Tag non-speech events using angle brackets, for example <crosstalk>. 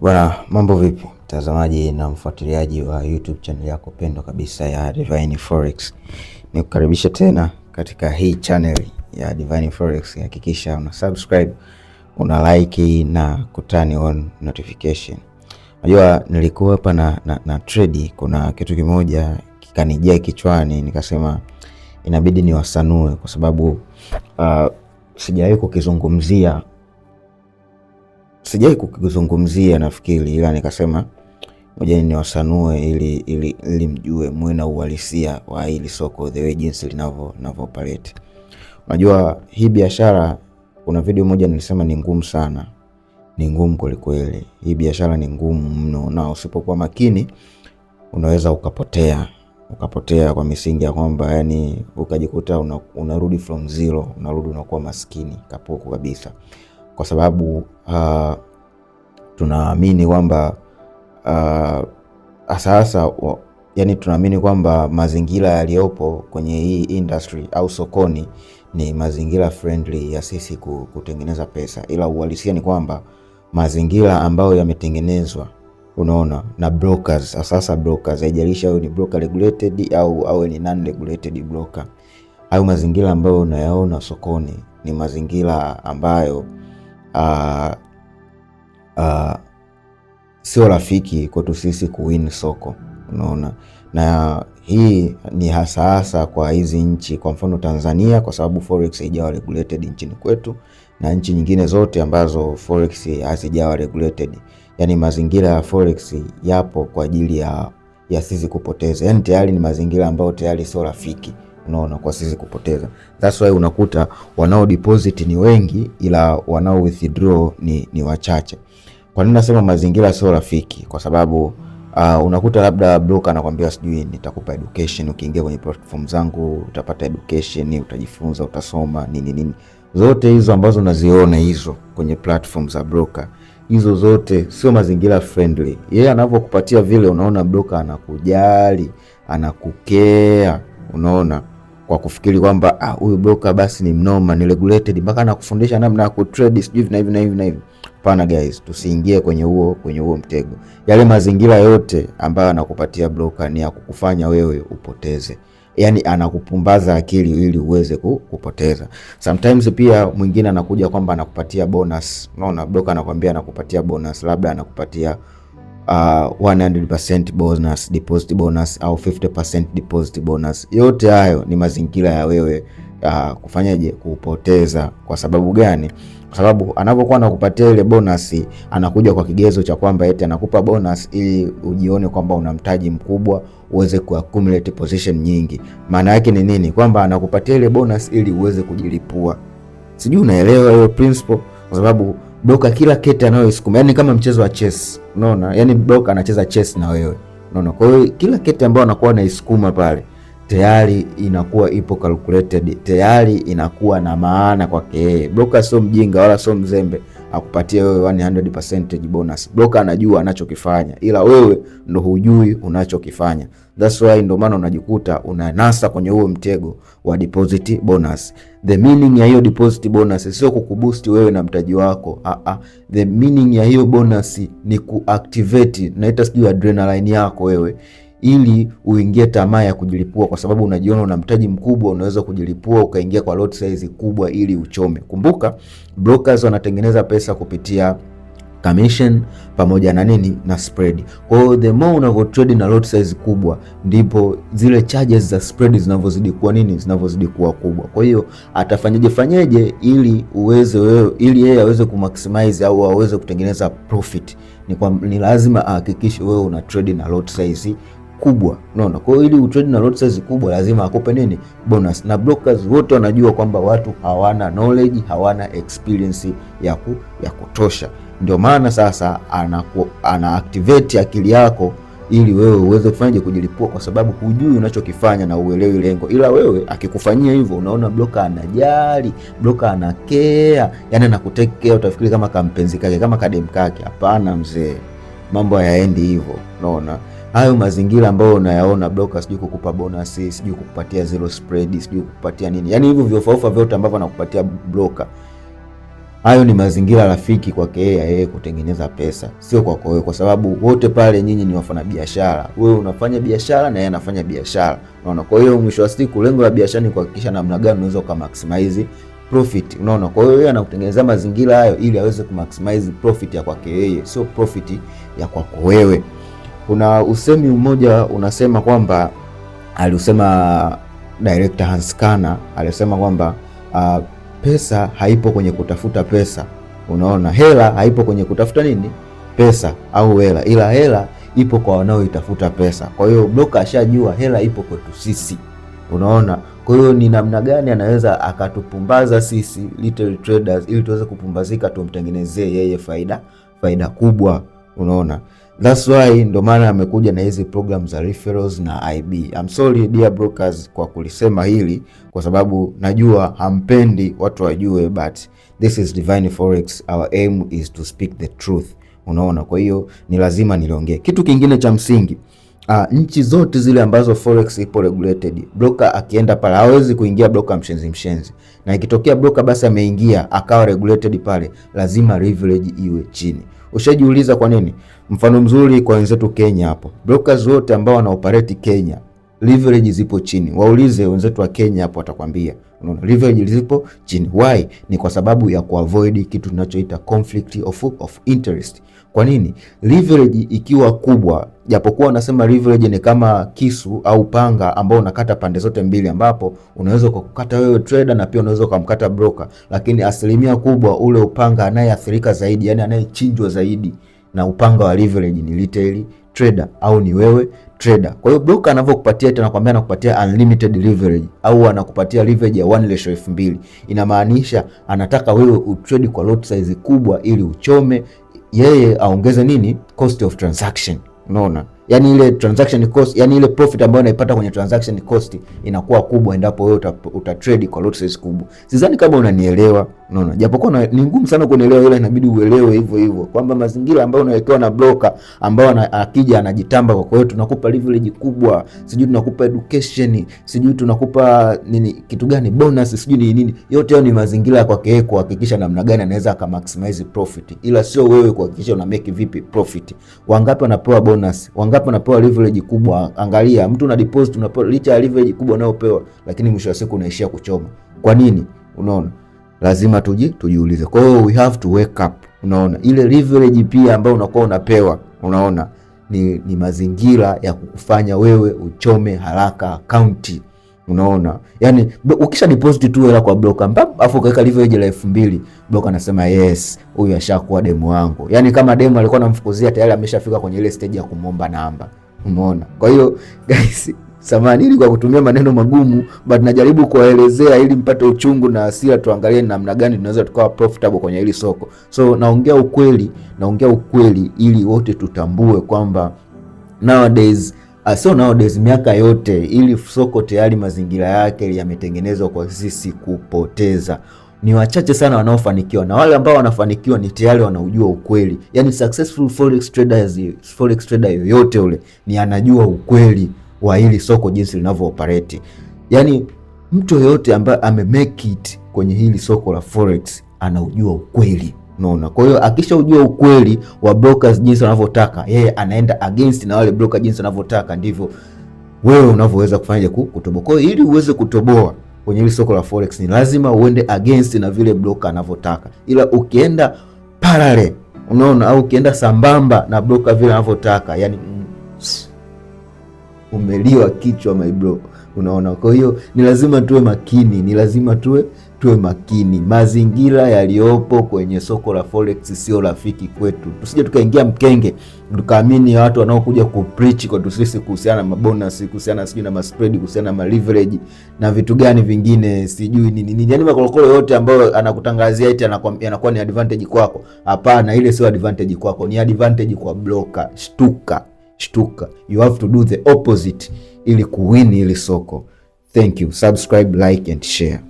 Bwana, mambo vipi mtazamaji na mfuatiliaji wa YouTube channel yako pendwa kabisa ya Divine Forex. Nikukaribisha tena katika hii channel ya Divine Forex. Hakikisha una subscribe, una like na kutani on notification. Unajua nilikuwa hapa na, na, na trade, kuna kitu kimoja kikanijia kichwani nikasema inabidi niwasanue kwa sababu uh, sijawahi kukizungumzia sijai kukizungumzia nafikiri, ila nikasema moja ni wasanue ili, ili, ili mjue mwe na uhalisia wa hili soko the way jinsi linavyo linavyo operate. Unajua hii biashara, kuna video moja nilisema ni ngumu sana, ni ngumu kwelikweli. Hii biashara ni ngumu mno, na usipokuwa makini unaweza ukapotea ukapotea kwa misingi ya kwamba yani ukajikuta una, unarudi from zero, unarudi unakuwa maskini kapuku kabisa kwa sababu uh, tunaamini kwamba uh, uh, yani tunaamini kwamba mazingira yaliyopo kwenye hii industry au sokoni ni mazingira friendly ya sisi kutengeneza pesa, ila uhalisia ni kwamba mazingira ambayo yametengenezwa unaona na brokers. Sasa brokers, haijalisha ni broker regulated au au ni non regulated broker, hayo mazingira ambayo unayaona sokoni ni mazingira ambayo uh, uh, sio rafiki kwetu sisi kuwin soko, unaona. Na hii ni hasa hasa kwa hizi nchi, kwa mfano Tanzania, kwa sababu forex haijawa regulated nchini kwetu na nchi nyingine zote ambazo forex hazijawa regulated, yani mazingira ya forex yapo kwa ajili ya, ya sisi kupoteza, yani tayari ni mazingira ambayo tayari sio rafiki unaona, kwa sisi kupoteza. That's why unakuta wanao deposit ni wengi, ila wanao withdraw ni, ni wachache. Kwa nini nasema mazingira sio rafiki? Kwa sababu Uh, unakuta labda broker anakuambia sijui nitakupa education, ukiingia kwenye platform zangu utapata education, utajifunza, utasoma nini nini, zote hizo ambazo unaziona hizo kwenye platform za broker, hizo zote sio mazingira friendly. Yeye yeah, anavyokupatia vile, unaona broker anakujali, anakukea, unaona kwa kufikiri kwamba ah, huyu broker basi ni mnoma, ni regulated mpaka anakufundisha namna ya kutrade sijui na hivi na hivi na hivi. Hapana guys, tusiingie kwenye huo kwenye huo mtego. Yale mazingira yote ambayo anakupatia broker ni ya kukufanya wewe upoteze, yaani anakupumbaza akili ili uweze kupoteza. Sometimes pia mwingine anakuja kwamba anakupatia bonus, unaona broker anakuambia anakupatia bonus, labda anakupatia uh, 100% bonus, deposit bonus au 50% deposit bonus. Yote hayo ni mazingira ya wewe uh, kufanyaje kupoteza. Kwa sababu gani? Kwa sababu anapokuwa anakupatia ile bonus anakuja kwa kigezo cha kwamba eti anakupa bonus ili ujione kwamba una mtaji mkubwa uweze accumulate position nyingi. Maana yake ni nini? Kwamba anakupatia ile bonus ili uweze kujilipua. Sijui unaelewa hiyo principle, kwa sababu bloka kila kete anayoisukuma, yani kama mchezo wa chess, unaona, yani bloka anacheza chess na wewe, unaona. Kwa hiyo kila kete ambayo anakuwa anaisukuma pale tayari inakuwa ipo calculated, tayari inakuwa na maana kwake yeye. Bloka sio mjinga wala sio mzembe akupatie wewe 100% bonus. Broker anajua anachokifanya, ila wewe ndo hujui unachokifanya. That's why ndo maana unajikuta unanasa kwenye huo mtego wa deposit bonus. The meaning ya hiyo deposit bonus sio kukuboost wewe na mtaji wako. Ah ah. The meaning ya hiyo bonus ni kuactivate, naita sijui adrenaline yako wewe ili uingie tamaa ya kujilipua, kwa sababu unajiona una mtaji mkubwa, unaweza kujilipua ukaingia kwa lot size kubwa ili uchome. Kumbuka brokers wanatengeneza pesa kupitia commission pamoja na nini na spread. Kwa hiyo the more unavyo trade na lot size kubwa, ndipo zile charges za spread zinavyozidi kuwa nini, zinavyozidi kuwa kubwa. Kwa hiyo atafanyaje fanyeje ili uweze wewe, ili yeye aweze kumaximize au aweze kutengeneza profit, ni, kwa, ni lazima ahakikishe wewe una trade na lot size kubwa, unaona. Kwa hiyo ili utrade na lot size kubwa lazima akupe nini? Bonus. Na brokers wote wanajua kwamba watu hawana knowledge, hawana experience ya ku, ya kutosha. Ndio maana sasa anaku, ana activate akili yako ili wewe uweze kufanyaje kujilipua, kwa sababu hujui unachokifanya na uelewi lengo, ila wewe akikufanyia hivyo, unaona bloka anajali, bloka anakea, yani anakutekea, utafikiri kama kampenzi kake, kama kadem kake. Hapana mzee, mambo hayaendi hivyo, unaona hayo mazingira ambayo unayaona broker sijui kukupa bonasi, sijui kukupatia zero spread, sijui kukupatia nini, yaani hivyo vyofaofa vyote ambavyo anakupatia broker, hayo ni mazingira rafiki kwake yeye kutengeneza pesa, sio kwako wewe, kwa sababu wote pale nyinyi ni wafanyabiashara. Wewe unafanya biashara na yeye anafanya biashara, unaona. Kwa hiyo mwisho wa siku lengo la biashara ni kuhakikisha namna gani unaweza maximize profit, unaona. Kwa hiyo yeye anakutengenezea mazingira hayo ili aweze kumaximize profit ya kwake yeye, sio profit ya kwako wewe. Kuna usemi mmoja unasema kwamba aliusema director Hans Kana alisema kwamba uh, pesa haipo kwenye kutafuta pesa. Unaona, hela haipo kwenye kutafuta nini pesa au hela, ila hela ipo kwa wanaoitafuta pesa. Kwa hiyo Bloka ashajua hela ipo kwetu sisi, unaona. Kwa hiyo ni namna gani anaweza akatupumbaza sisi little traders ili tuweze kupumbazika, tumtengenezee yeye faida faida kubwa, unaona. That's why ndo maana amekuja na hizi program za referrals na IB. I'm sorry dear brokers kwa kulisema hili kwa sababu najua hampendi watu wajue, but this is Divine Forex, our aim is to speak the truth. Unaona, kwa hiyo ni lazima niliongee kitu kingine cha msingi. Uh, nchi zote zile ambazo forex ipo regulated, broker akienda pale hawezi kuingia broker mshenzi mshenzi, na ikitokea broker basi ameingia akawa regulated pale, lazima leverage iwe chini. Ushajiuliza kwa nini? Mfano mzuri kwa wenzetu Kenya hapo, brokers wote ambao wana Kenya leverage zipo chini. Waulize wenzetu wa Kenya hapo, watakwambia unaona leverage zipo chini. Why? Ni kwa sababu ya kuavoid kitu tunachoita conflict of, of interest. Kwa nini? Leverage ikiwa kubwa, japokuwa wanasema leverage ni kama kisu au panga ambao unakata pande zote mbili, ambapo unaweza kukata wewe trader na pia unaweza kumkata broker, lakini asilimia kubwa ule upanga anayeathirika zaidi, yani anayechinjwa zaidi na upanga wa leverage ni retail trader au ni wewe trader. Kwa hiyo broker anavyokupatia tena kwambia anakupatia unlimited leverage au anakupatia leverage ya 1leshefu 2000. Inamaanisha anataka wewe utrade kwa lot size kubwa ili uchome, yeye aongeze nini cost of transaction. Unaona? yani ile transaction cost, yani ile profit ambayo unaipata kwenye transaction cost inakuwa kubwa endapo wewe uta, uta trade kwa lot size kubwa. Sidhani kama unanielewa. Unaona, japokuwa ni ngumu sana kuelewa, ila inabidi uelewe hivyo hivyo kwamba mazingira ambayo unawekewa na broker ambao akija anajitamba kwa kwetu, tunakupa leverage kubwa, sijui tunakupa education, sijui tunakupa nini kitu gani bonus, sijui ni nini. Yote hayo ni mazingira ya kwake yeye kuhakikisha namna gani anaweza aka maximize profit, ila sio wewe kuhakikisha una make vipi profit. Wangapi wanapewa bonus? Wangapi ngapi unapewa leverage kubwa. Angalia mtu una deposit unapewa licha ya leverage kubwa unayopewa, lakini mwisho wa siku unaishia kuchoma. Kwa nini? Unaona, lazima tuji tujiulize. Kwa hiyo we have to wake up. Unaona ile leverage pia ambayo unakuwa unapewa, unaona ni, ni mazingira ya kukufanya wewe uchome haraka akaunti. Unaona, yani ukisha deposit tu hela kwa broker mpaka afu ukaweka leverage la elfu broker anasema yes, huyu ashakuwa demu wangu. Yani kama demu alikuwa anamfukuzia tayari ameshafika kwenye ile stage ya kumomba namba. Umeona? Kwa hiyo <laughs> guys, samahani ili kwa kutumia maneno magumu, but najaribu kuwaelezea ili mpate uchungu na hasira, tuangalie namna gani tunaweza tukawa profitable kwenye hili soko. So naongea ukweli, naongea ukweli ili wote tutambue kwamba nowadays Ah, sio nowadays, miaka yote ili soko tayari mazingira yake yametengenezwa kwa sisi kupoteza. Ni wachache sana wanaofanikiwa, na wale ambao wanafanikiwa ni tayari wanaujua ukweli. Yani successful forex traders, forex trader yoyote ule ni anajua ukweli wa hili soko jinsi linavyo operate. Yani mtu yoyote ambaye ame make it kwenye hili soko la forex anaujua ukweli. Unaona, kwa hiyo akishaujua ukweli wa brokers jinsi wanavyotaka yeye, anaenda against na wale broker jinsi wanavyotaka, ndivyo wewe unavyoweza kufanyaje kutoboa. Kwa hiyo ili uweze kutoboa kwenye hili soko la forex ni lazima uende against na vile broker anavyotaka, ila ukienda parallel, unaona, au ukienda sambamba na broker vile anavyotaka, yani mm, umeliwa kichwa my bro. Unaona, kwa hiyo ni lazima tuwe makini, ni lazima tuwe tuwe makini. Mazingira yaliyopo kwenye soko la forex sio rafiki kwetu, tusije tukaingia mkenge tukaamini watu wanaokuja kupreach kwa sisi kuhusiana na mabonus, kuhusiana sijui na maspread, kuhusiana na maleverage na vitu gani vingine sijui ni nini, yani makorokoro yote ambayo anakutangazia eti anakuwa ni advantage kwako. Hapana, ile sio advantage kwako, ni advantage kwa broker. Shtuka. Shtuka, you have to do the opposite ili kuwin ili soko. Thank you, subscribe, like and share.